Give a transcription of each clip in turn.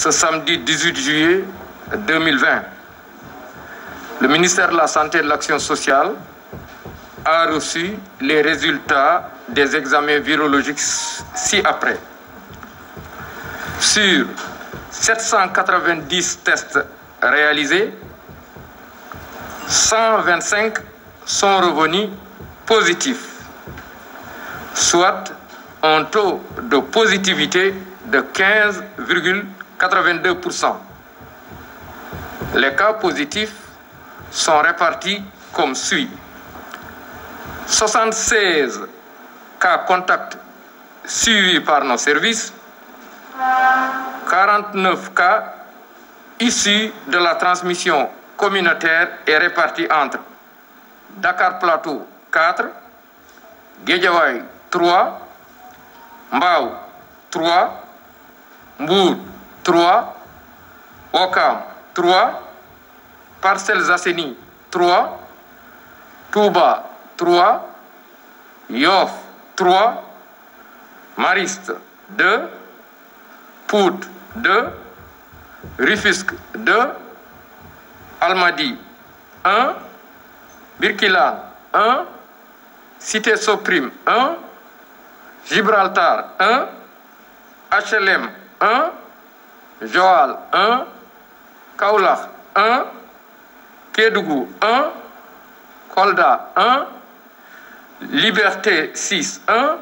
ce samedi 18 juillet 2020, le ministère la Santé l'Action sociale a reçu les résultats des examens virologiques ci-après. Sur 790 tests réalisés, 125 sont revenus positifs, soit un taux de positivité de 15,1%. 82 Les cas positifs sont répartis comme suit. 76 cas contacts suivis par nos services, 49 cas issus de la transmission communautaire et répartis entre Dakar Plateau 4, Guédiawaye 3, trois Wakam, 3. Parcelles Asseni, trois Touba, 3. Yoff, 3. Mariste, 2. Poud, 2. Rufisque, 2. Almadi, 1. Birkilan, 1. Cité Soprime, 1. Gibraltar, HLM, Joal 1 Kaolack 1 Kédougou Kolda Liberté 6 1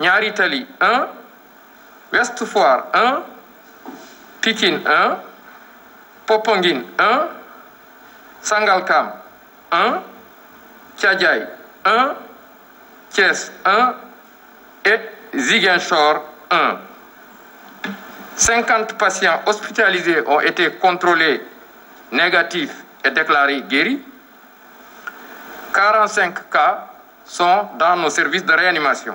Ñaari Tali 1 Sangalkam 1 Thiadiaye et Ziguinchor 50 patients hospitalisés ont été contrôlés négatifs et déclarés guéris. 45 cas sont dans nos services de réanimation.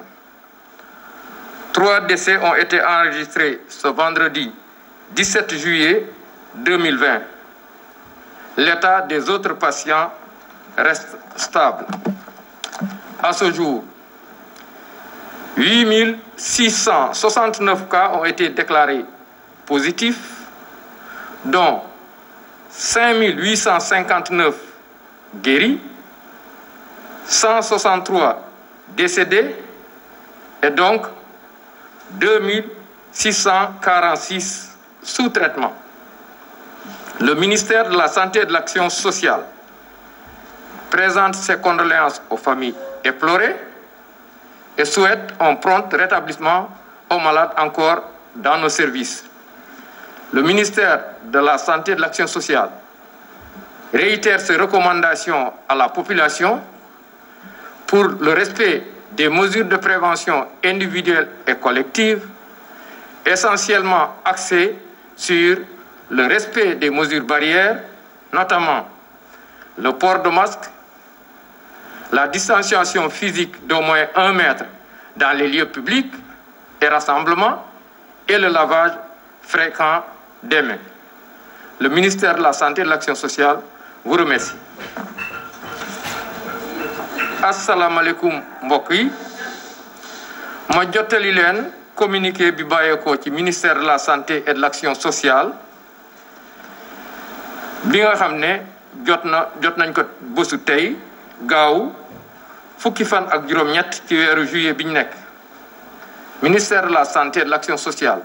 Trois décès ont été enregistrés ce vendredi 17 juillet 2020. L'état des autres patients reste stable. À ce jour, 8 669 cas ont été déclarés positifs, dont 5859 guéris, 163 décédés et donc 2646 sous traitement. Le ministère de la Santé et de l'Action sociale présente ses condoléances aux familles éplorées et souhaite un prompt rétablissement aux encore dans nos services. le ministère de la Santé et de l'Action sociale réitère ses recommandations à la population pour le respect des mesures de prévention individuelles et collectives, essentiellement axées sur le respect des mesures barrières, notamment le port de masque, la distanciation physique d'au moins un mètre dans les lieux publics et rassemblements et le lavage fréquent demain. Le ministère de la Santé et de l'Action sociale vous remercie. asalaamaaleykum mbokk yi ma jottali leen communiqué bi bàyyeekoo ci ministère de la santé et de l'action sociale bi nga xam ne jot na jot nañ ko bésu tey gaaw fukki fan ak juróom-ñett ci weeru juillet bi ñu nekk ministère de la santé de l'action sociale.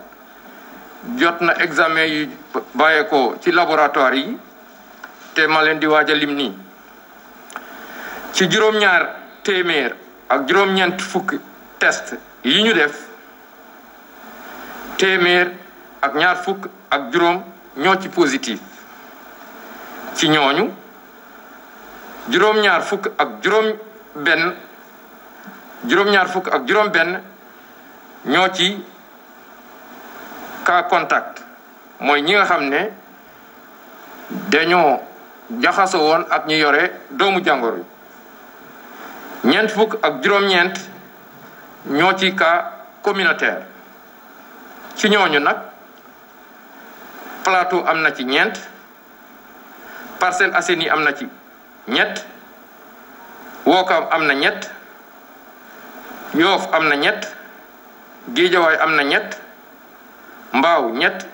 jot na examen yi bàyyeekoo ci laboratoir yi te ma leen di waaj a lim nii ci juróom-ñaar téeméer ak juróom-ñeent fukk test yi ñu def téeméer ak ñaar fukk ak juróom ñoo ci positif ci ñooñu juróom-ñaar fukk ak juróom benn juróom-ñaar fukk ak juróom benn ñoo ci ka contact mooy ñi nga xam ne dañoo jaxasoo woon ak ñi yore doomu jàngoro yi ñeent fukk ak juróom-ñeent ñoo ci cas communautaire ci ñooñu nag Plateau am na ci ñeent Parcelles Assainies am na ci ñett Ouakam am na ñett Yoff am na ñett Guédiawaye am na ñett mbaaw ñett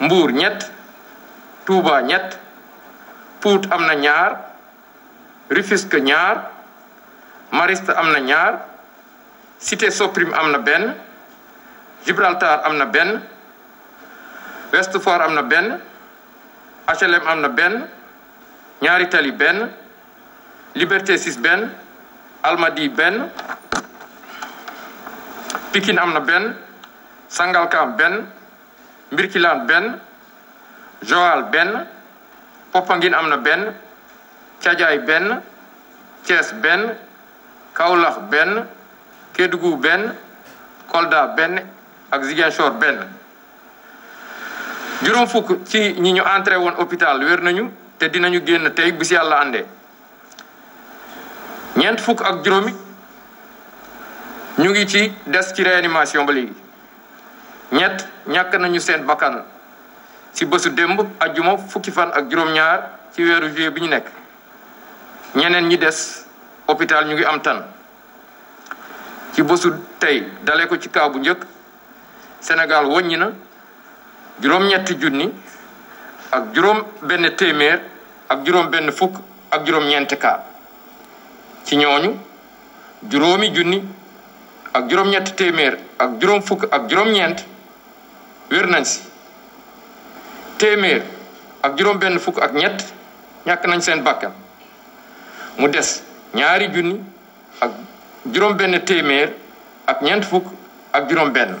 mbuur ñett tuuba ñett puut am na ñaar Rufisque ñaar Mariste am na ñaar Cité Soprim am na benn Gibraltar am na benn Ouest am na benn HLM am na benn ñaari benn Liberté 6 benn Almadies benn Pikine am na benn Sangalkam benn Mbirkilaan benn Joal benn Popenguine am na benn Cajaay benn Thiès benn Kaolack benn Kédougou benn Kolda benn ak Ziguinchor benn juróom fukk ci ñi ñu entré woon hôpital wér nañu te dinañu génn tey bu ci yàlla àndee ñeent fukk ak juróomi ñu ngi ci des ci réanimation ba léegi ñett ñàkk nañu seen bakkan ci bësu démb ajjuma fukki fan ak juróom-ñaar ci weeru juillet bi ñu nekk ñeneen ñi des hôpital ñu ngi am tan ci bësu tey dale ko ci kaw bu njëkk senegal wàññi na juróom-ñetti junni ak juróom benn téeméer ak juróom benn fukk ak juróom-ñeenti cas ci ñooñu juróomi junni ak juróom-ñetti téeméer ak juróom fukk ak juróom-ñeent wér nañ si téeméer ak juróom-benn fukk ak ñett ñàkk nañ seen bakkan mu des ñaari junni ak juróom-benn téeméer ak ñeent fukk ak juróom-benn.